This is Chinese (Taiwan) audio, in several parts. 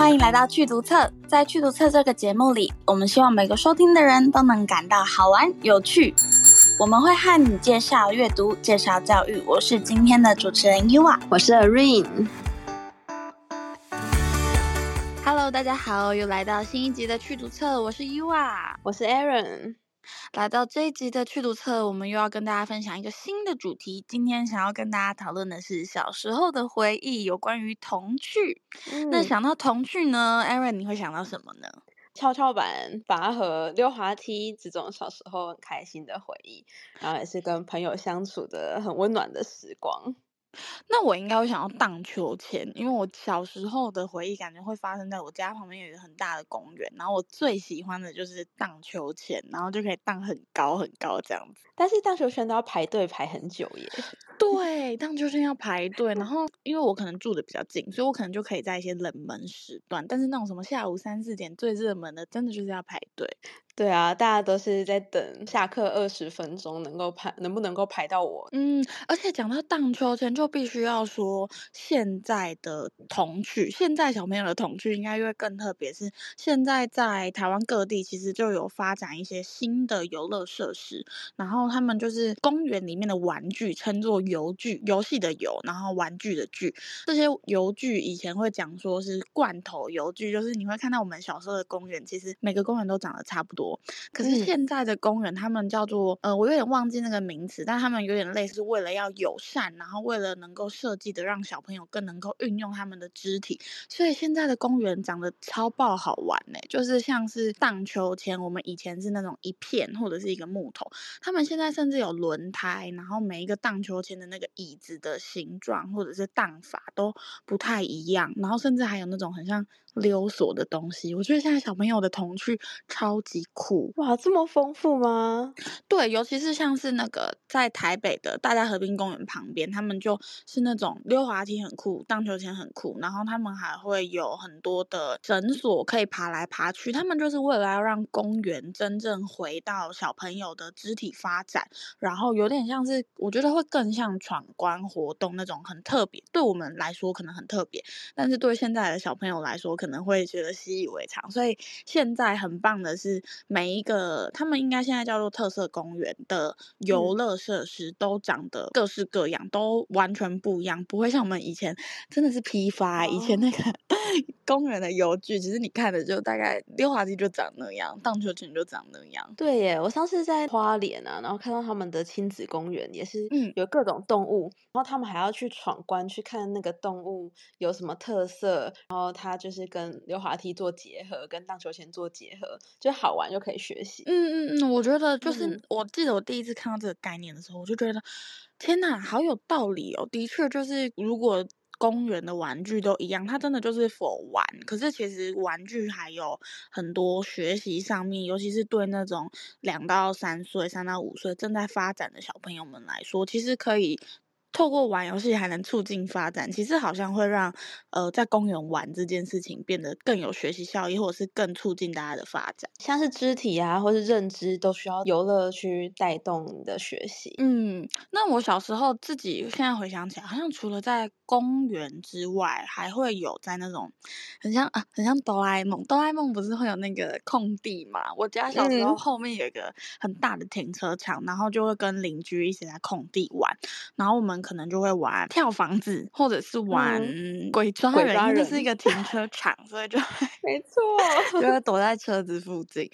歡迎來到趣讀冊，在趣讀冊這個節目裡，我們希望每個收聽的人都能感到好玩有趣。我們會和你介紹閱讀，介紹教育。我是今天的主持人 Yua，我是 Aaron。Hello，大家好，又來到新一集的趣讀冊。我是 Yua，我是 Aaron。來到這一集的趣讀冊，我們又要跟大家分享一個新的主題。今天想要跟大家討論的是小時候的回憶，有關於童趣，嗯。那想到童趣呢，Aaron，你會想到什麼呢？蹺蹺板、拔河、溜滑梯，這種小時候很開心的回憶，然後也是跟朋友相處的很溫暖的時光。那我應該會想要盪秋千，因為我小時候的回憶感覺會發生在我家旁邊有一個很大的公園，然後我最喜歡的就是盪秋千，然後就可以盪很高很高這樣子。但是盪秋千都要排隊排很久耶。 對，盪秋千要排隊，然後因為我可能住得比較近，所以我可能就可以在一些冷門時段，但是那種什麼下午三四點最熱門的，真的就是要排隊。對啊，大家都是在等下課二十分鐘，能夠排能不能夠排到我？嗯，而且講到盪秋千，就必須要說現在的童趣，現在小朋友的童趣應該又會更特別。是現在在台灣各地，其實就有發展一些新的遊樂設施，然後他們就是公園裡面的玩具，稱作遊具，遊戲的遊，然後玩具的具。這些遊具以前會講說是罐頭遊具，就是你會看到我們小時候的公園，其實每個公園都長得差不多。可是現在的公園，他們叫做呃，我有點忘記那個名詞。但他們有點類似，為了要友善，然後為了能夠設計的讓小朋友更能夠運用他們的肢體，所以現在的公園長得超爆好玩呢，欸，就是像是盪秋千，我們以前是那種一片或者是一個木頭，他們現在甚至有輪胎，然後每一個盪秋千的那個椅子的形狀或者是盪法都不太一樣，然後甚至還有那種很像溜索的東西。我覺得現在小朋友的童趣超級。酷哇，這麼豐富嗎？對，尤其是像是那個在台北的大佳河濱公園旁邊，他們就是那種溜滑梯很酷，盪秋千很酷，然後他們還會有很多的繩索可以爬來爬去。他們就是為了要讓公園真正回到小朋友的肢體發展，然後有點像是我覺得會更像闖關活動那種很特別。對我們來說可能很特別，但是對現在的小朋友來說可能會覺得習以為常。所以現在很棒的是，每一個他們應該現在叫做特色公園的遊樂設施、嗯、都長得各式各樣，都完全不一樣，不會像我們以前真的是批發、欸哦。以前那個 公園的遊具，其實你看了就大概溜滑梯就長那樣，盪秋千就長那樣。對耶！我上次在花蓮啊，然後看到他們的親子公園也是有各種動物，嗯、然後他們還要去闖關去看那個動物有什麼特色，然後它就是跟溜滑梯做結合，跟盪秋千做結合，就好玩。就可以學習。嗯嗯嗯，我覺得就是、嗯，我記得我第一次看到這個概念的時候，我就覺得，天哪，好有道理哦！的確，就是如果公園的玩具都一樣，它真的就是否玩。可是其實玩具還有很多學習上面，尤其是對那種兩到三歲、三到五歲正在發展的小朋友們來說，其實可以。透過玩遊戲還能促進發展，其實好像會讓呃在公園玩這件事情變得更有學習效益，或者是更促進大家的發展，像是肢體啊，或是認知都需要遊樂區帶動你的學習。嗯，那我小時候自己現在回想起來，好像除了在公園之外，還會有在那種很像啊，很像哆啦 A 夢，哆啦 A 夢不是會有那個空地嘛？我家小時候後面有一個很大的停車場，然後就會跟鄰居一起來空地玩，然後我們。可能就會玩跳房子，或者是玩、嗯、鬼抓、鬼抓人。就是一個停車場， 所以就沒錯，就會躲在車子附近。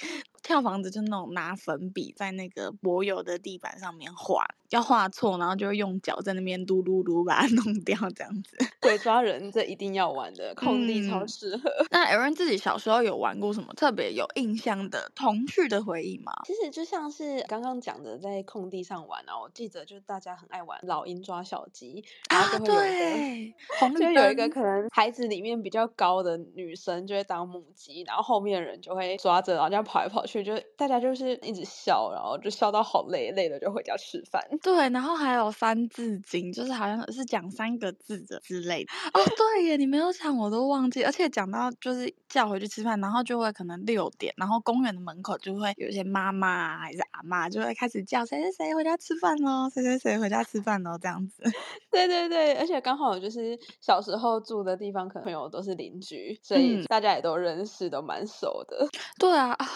跳房子，就那種拿粉筆在那個柏油的地板上面畫，要畫錯，然後就會用腳在那邊嚕嚕嚕把它弄掉，這樣子。鬼抓人，這一定要玩的，空地超適合、嗯。那 Aaron 自己小時候有玩過什麼特別有印象的童趣的回憶嗎？其實就像是剛剛講的，在空地上玩啊，然後我記得就是大家很愛玩老鷹抓小雞，然後就會有、啊、就有一個可能孩子裡面比較高的女生就會當母雞，然後後面的人就會抓着，然後就跑來跑去。就大家就是一直笑，然後就笑到好累，累了就回家吃飯。對，然後還有三字經，就是好像是講三個字的之類的。哦，對耶，你沒有講，我都忘記。而且講到就是叫回去吃飯，然後就會可能六點，然後公園的門口就會有些媽媽、啊、還是阿嬤，就會開始叫誰誰誰回家吃飯哦，誰誰誰回家吃飯哦，這樣子。對對對，而且剛好就是小時候住的地方，可能朋友都是鄰居，所以大家也都認識，都蠻熟的。嗯、對啊。啊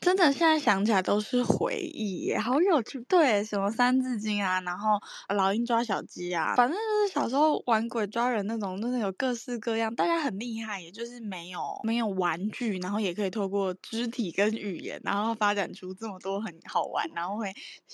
真的，現在想起來都是回憶耶，好有趣。對，什麼三字經啊，然後老鷹抓小雞啊，反正就是小時候玩鬼抓人那種，真的有各式各樣。大家很厲害，也就是沒有沒有玩具，然後也可以透過肢體跟語言，然後發展出這麼多很好玩，然後會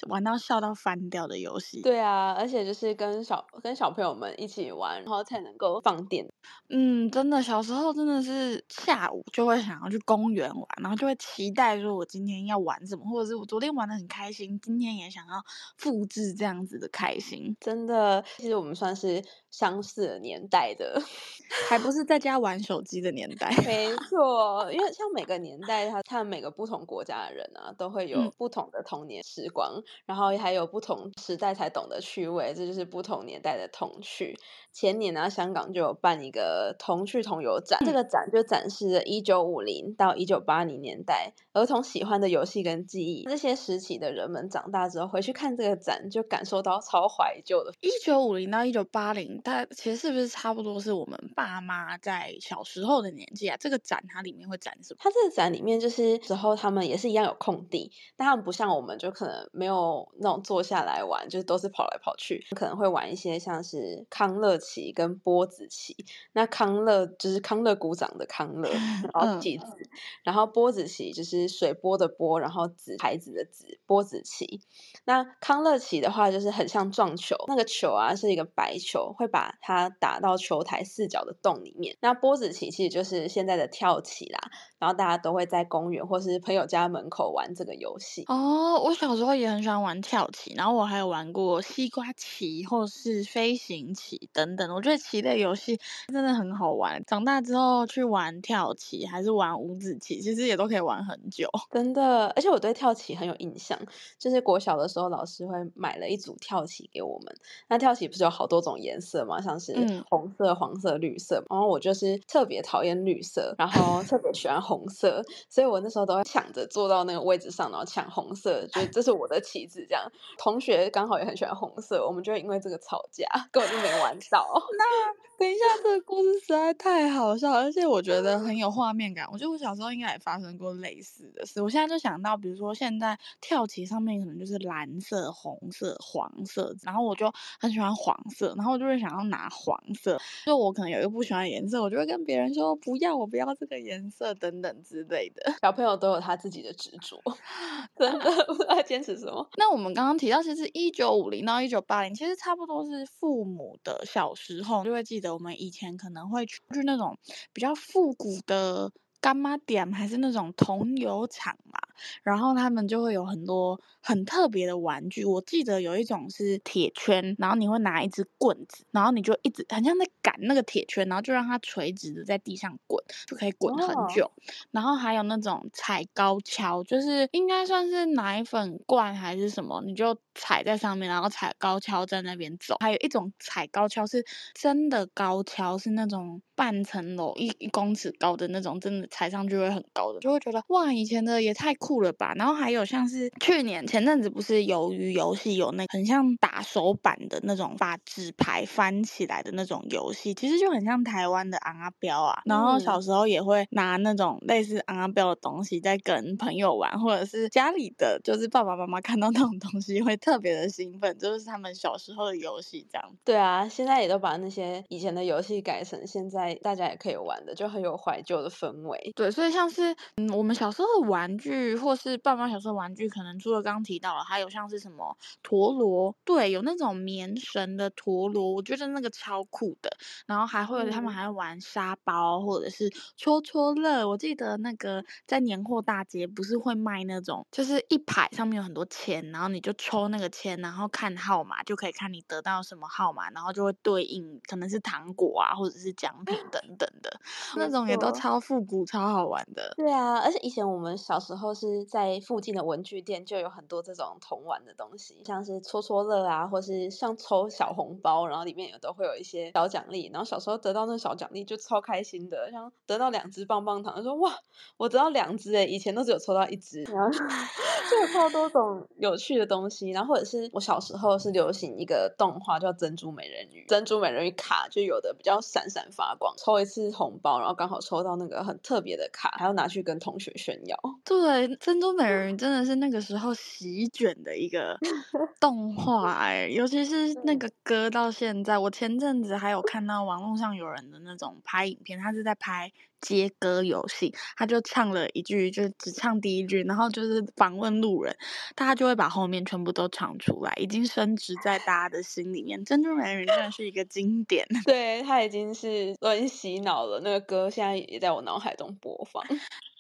玩到笑到翻掉的遊戲。對啊，而且就是跟小跟小朋友們一起玩，然後才能夠放電。嗯，真的，小時候真的是下午就會想要去公園玩，然後就會期待說。我今天要玩什麼，或者是我昨天玩得很開心，今天也想要複製這樣子的開心。嗯、真的，其實我們算是相似的年代的， 還不是在家玩手機的年代。沒錯，因為像每個年代，他 看每個不同國家的人啊，都會有不同的童年時光，嗯，然後還有不同時代才懂得趣味，這就是不同年代的童趣。前年呢、啊，香港就有辦一個童趣童遊展，嗯、這個展就展示了一九五零到一九八零年代兒童喜歡的遊戲跟記憶，這些時期的人們長大之後回去看這個展，就感受到超懷舊的。一九五零到一九八零，但其實是不是差不多是我們爸媽在小時候的年紀啊？這個展它裡面會展什麼？它這個展裡面就是時候他們也是一樣有空地，但他們不像我們就可能沒有那種坐下來玩，就是都是跑來跑去，可能會玩一些像是康樂棋跟波子棋。那康樂就是康樂鼓掌的康樂， 嗯、然後棋子，嗯，然後波子棋就是水。波的波，然後子牌子的子，波子棋。那康樂棋的話，就是很像撞球，那個球啊是一個白球，會把它打到球台四角的洞裡面。那波子棋其實就是現在的跳棋啦，然後大家都會在公園或是朋友家門口玩這個遊戲。哦，我小時候也很喜歡玩跳棋，然後我還有玩過西瓜棋或是飛行棋等等。我覺得棋類遊戲真的很好玩，長大之後去玩跳棋還是玩五子棋，其實也都可以玩很久。真的，而且我對跳棋很有印象。就是國小的時候，老師會買了一組跳棋給我們。那跳棋不是有好多種顏色嗎？像是紅色、嗯、黃色、綠色。然後我就是特別討厭綠色，然後特別喜歡紅色，所以我那時候都會搶着坐到那個位置上，然後搶紅色，就這是我的棋子這樣。同學剛好也很喜歡紅色，我們就會因為這個吵架，根本就沒玩到。 那等一下，這個故事實在太好笑，而且我覺得很有畫面感。我覺得我小時候應該也發生過類似的事。我現在就想到，比如說現在跳棋上面可能就是藍色、紅色、黃色，然後我就很喜歡黃色，然後我就會想要拿黃色。就我可能有一個不喜歡的顏色，我就會跟別人說不要，我不要這個顏色等等之類的。小朋友都有他自己的執着， 真的，我在堅持什麼？ 那我們剛剛提到，其實一九五零到一九八零，其實差不多是父母的小時候，就會記得我們以前可能會去那種比較復古的。乾媽店還是那種桐油廠嘛，然後他們就會有很多很特別的玩具。我記得有一種是鐵圈，然後你會拿一支棍子，然後你就一直很像在趕那個鐵圈，然後就讓它垂直的在地上滾，就可以滾很久。Oh. 然後還有那種踩高蹺，就是應該算是奶粉罐還是什麼，你就踩在上面，然後踩高蹺在那邊走。還有一種踩高蹺是真的高蹺，是那種半層樓一一公尺高的那種，真的踩。台上就會很高的，就會覺得，哇，以前的也太酷了吧。然後還有像是去年，前陣子不是魷魚遊戲有那，很像打手板的那種，把紙牌翻起來的那種遊戲，其實就很像台灣的尪仔標啊。然後小時候也會拿那種類似尪仔標的東西在跟朋友玩，或者是家裡的，就是爸爸媽媽看到那種東西會特別的興奮，就是他們小時候的遊戲這樣。對啊，現在也都把那些以前的遊戲改成現在大家也可以玩的，就很有懷舊的氛圍。對，所以像是、嗯、我們小時候的玩具，或是爸媽小時候的玩具，可能除了剛提到了，還有像是什麼陀螺，對，有那種棉繩的陀螺，我覺得那個超酷的。然後還會、嗯、他們還會玩沙包，或者是戳戳樂。我記得那個在年貨大街不是會賣那種，就是一排上面有很多籤，然後你就抽那個籤，然後看號碼，就可以看你得到什麼號碼，然後就會對應可能是糖果啊，或者是獎品等等的， 那種也都超復古。超好玩的，對啊，而且以前我們小時候是在附近的文具店，就有很多這種童玩的東西，像是戳戳樂啊，或是像抽小紅包，然後裡面有都會有一些小獎勵，然後小時候得到那小獎勵就超開心的，像得到兩隻棒棒糖，說哇，我得到兩隻欸，以前都只有抽到一隻，然、啊、後就有超多種 有趣的東西，然後或者是我小時候是流行一個動畫，叫珍珠美人魚，珍珠美人魚卡就有的比較閃閃發光，抽一次紅包，然後剛好抽到那個很特。特別的卡還要拿去跟同學炫耀。對，《珍珠美人魚》真的是那個時候席捲的一個動畫哎、欸，尤其是那個歌到現在，我前陣子還有看到網絡上有人的那種拍影片，他是在拍。接歌遊戲，他就唱了一句，就只唱第一句，然後就是訪問路人，大家就會把後面全部都唱出來，已經深植在大家的心裡面。《珍珠男人》真的是一個經典，對，他已經是亂洗腦了。那個歌現在也在我腦海中播放。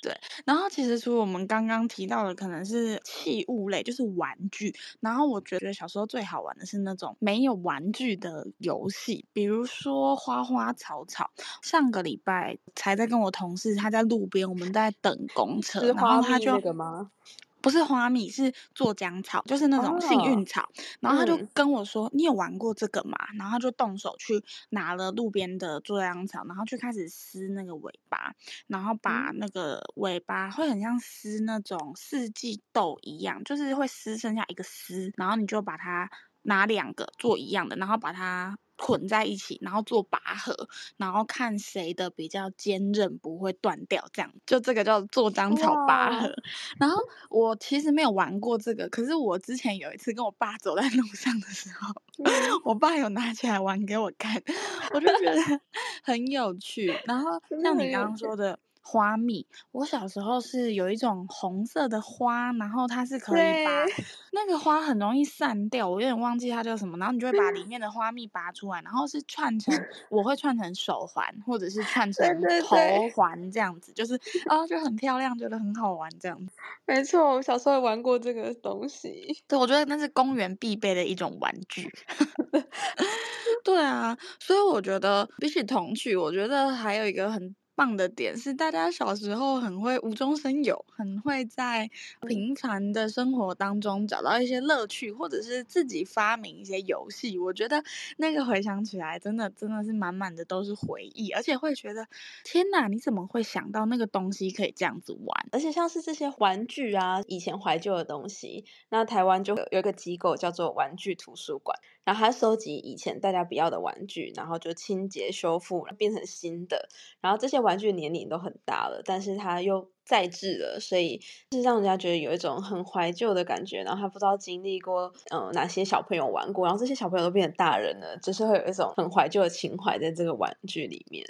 對，然後其實除我們剛剛提到的，可能是器物類，就是玩具。然後我覺得小時候最好玩的是那種沒有玩具的遊戲，比如說花花草草。上個禮拜才在跟我同事，他在路邊，我們在等公車，這個嗎？然後他就。不是花蜜，是酢漿草，就是那種幸運草、哦。然後他就跟我說、嗯：“你有玩過這個嗎？”然後他就動手去拿了路邊的酢漿草，然後就開始撕那個尾巴，然後把那個尾巴會很像撕那種四季豆一樣，就是會撕剩下一個絲，然後你就把它拿兩個做一樣的，然後把它。綑在一起，然後做拔河，然後看誰的比較堅韌不會斷掉，這樣，就這個叫做章草拔河。然後我其實沒有玩過這個，可是我之前有一次跟我爸走在路上的時候，嗯、 我爸有拿起來玩給我看，我就覺得很有趣。 然後像你剛剛說的花蜜，我小時候是有一種紅色的花，然後它是可以拔。那個花很容易散掉，我有點忘記它叫什麼。然後你就會把裡面的花蜜拔出來，嗯、然後是串成，我會串成手環，或者是串成頭環這樣子，對對對就是啊、哦，就很漂亮， 覺得很好玩這樣子。沒錯，我小時候玩過這個東西。對，我覺得那是公園必備的一種玩具。 對啊，所以我覺得比起童趣，我覺得還有一個很。棒的點是，大家小時候很會無中生有，很會在平常的生活當中找到一些樂趣，或者是自己發明一些遊戲。我覺得那個回想起來真，真的真的是滿滿的都是回憶，而且會覺得天哪，你怎麼會想到那個東西可以這樣子玩？而且像是這些玩具啊，以前懷舊的東西，那台灣就有一個機構叫做玩具圖書館。然後他收集以前大家不要的玩具，然後就清潔、修復，變成新的。然後這些玩具年齡都很大了，但是他又在製了，所以就是讓人家覺得有一種很懷舊的感覺。然後他不知道經歷過，嗯、呃，哪些小朋友玩過，然後這些小朋友都變成大人了，就是會有一種很懷舊的情懷在這個玩具裡面。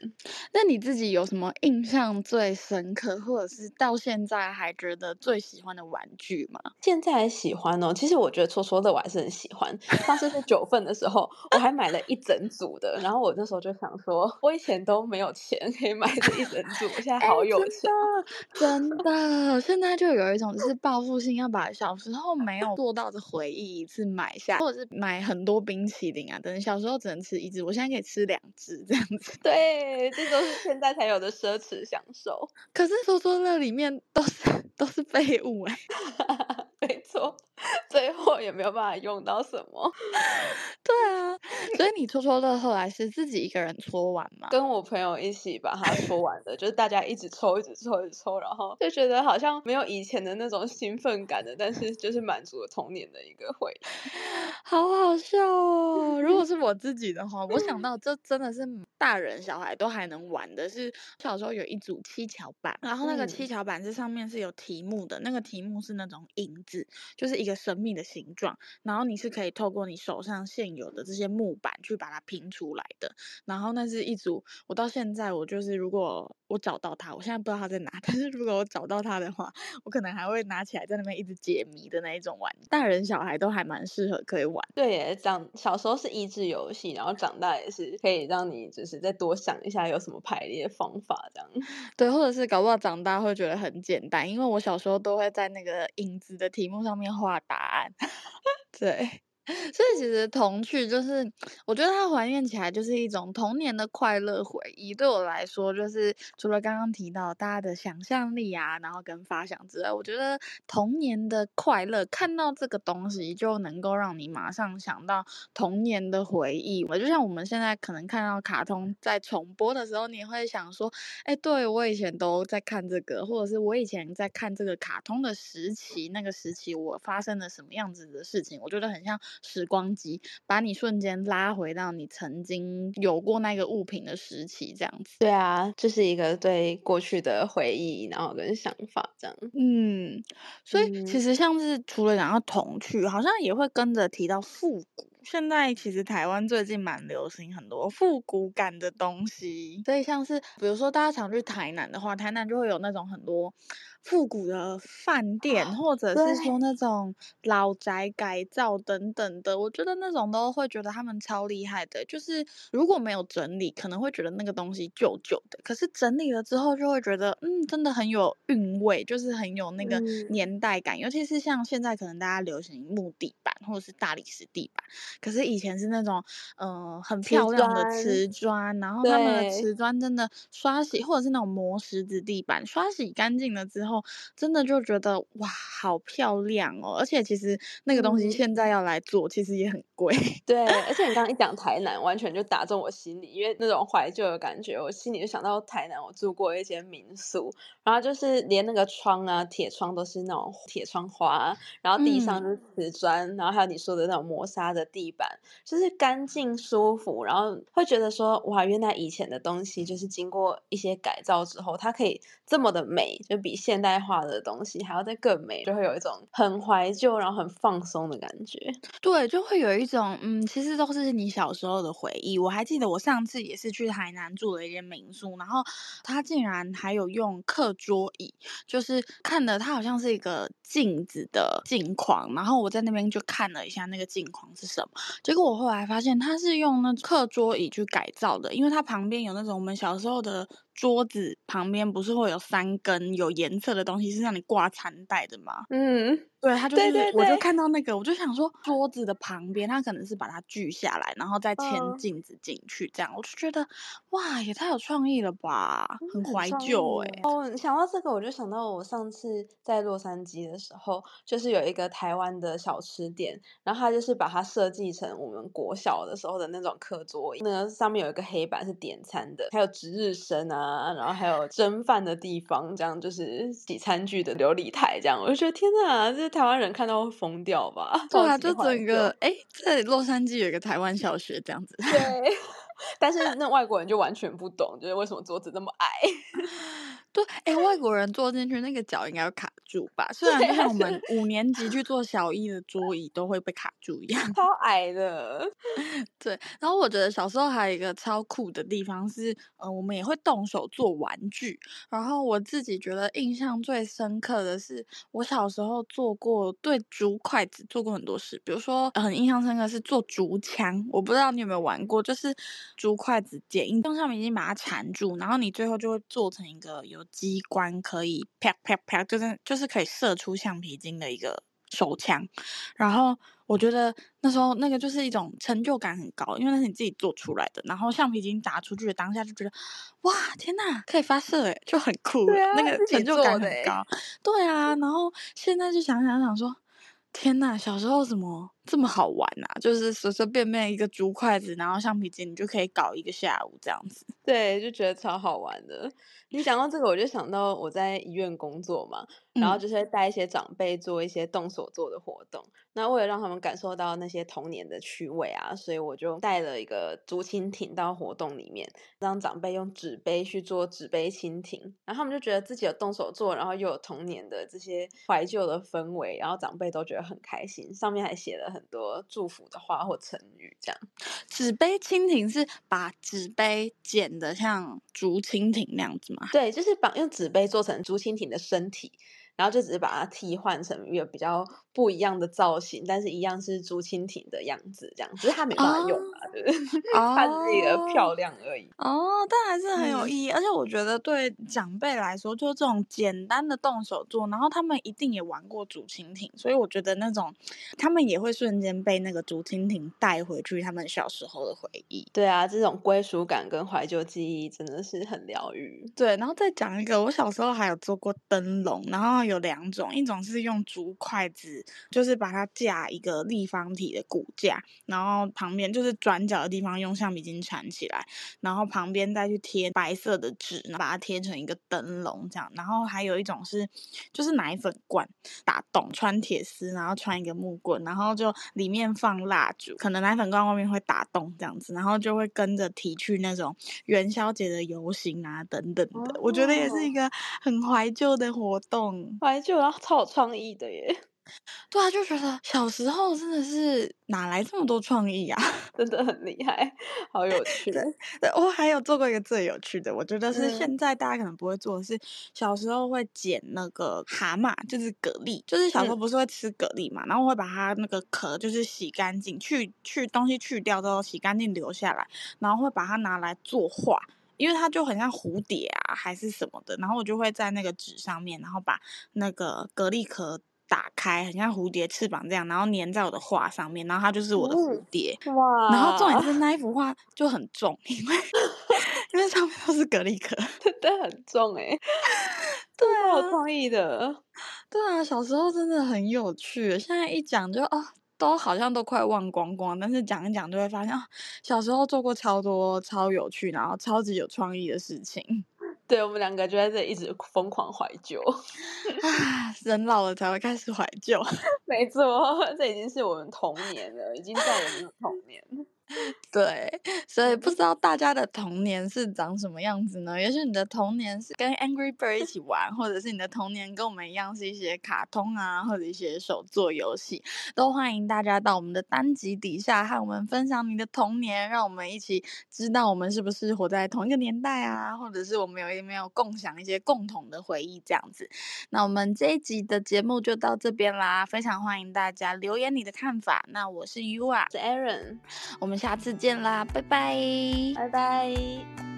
那你自己有什麼印象最深刻，或者是到現在還覺得最喜歡的玩具嗎？現在還喜歡哦。其實我覺得戳戳樂我還是很喜歡。當時是九份的時候， 我還買了一整組的。然後我那時候就想說，我以前都沒有錢可以買這一整組，我現在好有錢。欸 真的，現在就有一種就是報復性，要把小時候沒有做到的回憶一次買下，或者是買很多冰淇淋啊，等小時候只能吃一隻，我現在可以吃兩隻這樣子。對，這都是現在才有的奢侈享受。 可是說說那裡面都是都是廢物哎、欸。 沒錯，最後也沒有辦法用到什麼。 對啊，所以你搓搓樂後來是自己一個人搓完嗎？ 跟我朋友一起把它搓完的，就是大家一直搓，一直搓，一直搓，然後就覺得好像沒有以前的那種興奮感的，但是就是滿足了童年的一個回憶。好好笑哦。 我自己的話，我想到這真的是大人小孩都還能玩的是。是小時候有一組七巧板，然後那個七巧板是上面是有題目的，那個題目是那種影子，就是一個神秘的形狀，然後你是可以透過你手上現有的這些木板去把它拼出來的。然後那是一組，我到現在我就是如果我找到它，我現在不知道它在哪，但是如果我找到它的話，我可能還會拿起來在那邊一直解謎的那一種玩。大人小孩都還蠻適合可以玩。對耶，講小時候是一直有。遊戲，然後長大也是可以讓你，就是再多想一下有什麼排列方法這樣。對，或者是搞不好長大會覺得很簡單，因為我小時候都會在那個影子的題目上面畫答案。 對。所以其實童趣就是，我覺得它懷念起來就是一種童年的快樂回憶。對我來說，就是除了剛剛提到大家的想象力啊，然後跟發想之外，我覺得童年的快樂，看到這個東西就能夠讓你馬上想到童年的回憶。我就像我們現在可能看到卡通在重播的時候，你也會想說，誒，對，我以前都在看這個，或者是我以前在看這個卡通的時期，那個時期我發生了什麼樣子的事情，我覺得很像。時光機把你瞬間拉回到你曾經有過那個物品的時期，這樣子。對啊，這、就是一個對過去的回憶，然後跟想法這樣子。嗯，所以其實像是、嗯、除了講到童趣，好像也會跟着提到復古。現在其實台灣最近蠻流行很多復古感的東西，所以像是比如說大家常去台南的話，台南就會有那種很多。復古的飯店、啊，或者是說那種老宅改造等等的，我覺得那種都會覺得他們超厲害的。就是如果沒有整理，可能會覺得那個東西舊舊的；可是整理了之後，就會覺得嗯，真的很有韻味，就是很有那個年代感、嗯。尤其是像現在可能大家流行木地板或者是大理石地板，可是以前是那種嗯、呃、很漂亮的瓷磚，然後他們的瓷磚真的刷洗或者是那種磨石子地板，刷洗乾淨了之後。真的就覺得哇，好漂亮哦！而且其實那個東西現在要來做，其實也很貴、嗯。對，而且你剛剛一講台南， 完全就打中我心裡，因為那種懷舊的感覺，我心裡就想到台南，我住過一些民宿，然後就是連那個窗啊，鐵窗都是那種鐵窗花，然後地上就是瓷磚、嗯，然後還有你說的那種磨砂的地板，就是乾淨舒服，然後會覺得說哇，原來以前的東西就是經過一些改造之後，它可以這麼的美，就比現在代化的東西還要再更美，就會有一種很懷舊，然後很放鬆的感覺。對，就會有一種嗯，其實都是你小時候的回憶。我還記得我上次也是去台南住了一間民宿，然後他竟然還有用課桌椅，就是看的他好像是一個鏡子的鏡框，然後我在那邊就看了一下那個鏡框是什麼，結果我後來發現他是用那課桌椅去改造的，因為他旁邊有那種我們小時候的。桌子旁邊不是會有三根有顏色的東西是讓你掛餐袋的嗎？嗯，對，他就是對對對，我就看到那個，我就想說桌子的旁邊，他可能是把它鋸下來，然後再嵌鏡子進去，哦、這樣我就覺得哇，也太有創意了吧，嗯、很懷舊哎、欸。哦，想到這個，我就想到我上次在洛杉磯的時候，就是有一個台灣的小吃店，然後他就是把它設計成我們國小的時候的那種課桌椅，那個上面有一個黑板是點餐的，還有值日生啊。啊，然後還有蒸飯的地方，這樣就是洗餐具的流理台，這樣我就覺得天哪，這台灣人看到會瘋掉吧？對啊，就整個，哎、欸，在洛杉磯有一個台灣小學這樣子， 對，但是那外國人就完全不懂，就是為什麼桌子那麼矮。 對，哎，外國人坐進去那個腳應該要卡住吧？雖然就像我們五年級去坐小一的桌椅都會被卡住一樣。超矮的。 對，然後我覺得小時候還有一個超酷的地方是，嗯、呃，我們也會動手做玩具。然後我自己覺得印象最深刻的是，我小時候做過對竹筷子做過很多事，比如說很、呃、印象深刻的是做竹槍。我不知道你有沒有玩過，就是竹筷子剪，用橡皮筋把它纏住，然後你最後就會做成一個有。機關可以啪啪啪，啪，就是就是可以射出橡皮筋的一個手槍。然後我覺得那時候那個就是一種成就感很高，因為那是你自己做出來的。然後橡皮筋打出去的當下就覺得，哇，天吶，可以發射誒，就很酷，啊。那個成就感很高，對啊。然後現在就想想想說，天吶，小時候怎麼這麼好玩吶，啊？就是隨隨便便一個竹筷子，然後橡皮筋，你就可以搞一個下午這樣子。對，就覺得超好玩的。你講到這個，我就想到我在醫院工作嘛，嗯，然後就是帶一些長輩做一些動手做的活動。那為了讓他們感受到那些童年的趣味啊，所以我就帶了一個竹蜻蜓到活動裡面，讓長輩用紙杯去做紙杯蜻蜓。然後他們就覺得自己有動手做，然後又有童年的這些懷舊的氛圍，然後長輩都覺得很開心。上面還寫了很多祝福的話或成語，這樣。紙杯蜻蜓是把紙杯剪。的像竹蜻蜓那樣子嘛？對，就是把用紙杯做成竹蜻蜓的身體。然後就只是把它替換成一個比較不一樣的造型，但是一樣是竹蜻蜓的樣子，這樣只是他沒辦法用啊，扮、哦就是、自己的漂亮而已。哦，但還是很有意義。而且我覺得對長輩來說，就這種簡單的動手做，然後他們一定也玩過竹蜻蜓，所以我覺得那種他們也會瞬間被那個竹蜻蜓帶回去他們小時候的回憶。對啊，這種歸屬感跟懷舊記憶真的是很療癒。對，然後再講一個，我小時候還有做過燈籠，然後。有兩種，一種是用竹筷子，就是把它架一個立方體的骨架，然後旁邊就是轉角的地方用橡皮筋纏起來，然後旁邊再去貼白色的紙，把它貼成一個燈籠這樣。然後還有一種是，就是奶粉罐打洞穿鐵絲，然後穿一個木棍，然後就裡面放蠟燭，可能奶粉罐外面會打洞這樣子，然後就會跟着提去那種元宵節的遊行啊等等的。我覺得也是一個很懷舊的活動。玩具，然後超有創意的耶！對啊，就覺得小時候真的是哪來這麼多創意啊，真的很厲害，好有趣的 對對。我還有做過一個最有趣的，我覺得是現在大家可能不會做的是小時候會撿那個蛤蟆，就是蛤蜊，就是小時候不是會吃蛤蜊嘛，然後會把它那個殼，就是洗乾淨，去去東西去掉之後，洗乾淨留下來，然後會把它拿來作畫。因為它就很像蝴蝶啊，還是什麼的，然後我就會在那個紙上面，然後把那個蛤蜊殼打開，很像蝴蝶翅膀這樣，然後粘在我的畫上面，然後它就是我的蝴蝶。嗯、哇！然後重點是那一幅畫就很重，因為因為上面都是蛤蜊殼，對 真的很重誒、欸、 對啊，我創意的。對啊，小時候真的很有趣，現在一講就啊。都好像都快忘光光，但是講一講就會發現，哦，小時候做過超多超有趣，然後超級有創意的事情。對，我們兩個就在這裡一直瘋狂懷舊 啊，人老了才會開始懷舊，沒錯，這已經是我們童年了，已經在我們是童年。 對，所以不知道大家的童年是長什麼樣子呢？也許你的童年是跟 Angry Bird 一起玩， 或者是你的童年跟我們一樣是一些卡通啊，或者一些手作遊戲。都歡迎大家到我們的單集底下和我們分享你的童年，讓我們一起知道我們是不是活在同一個年代啊，或者是我們有沒有共享一些共同的回憶這樣子。那我們這一集的節目就到這邊啦，非常歡迎大家留言你的看法。那我是 You are Aaron，我們。下次見啦，拜拜，拜拜。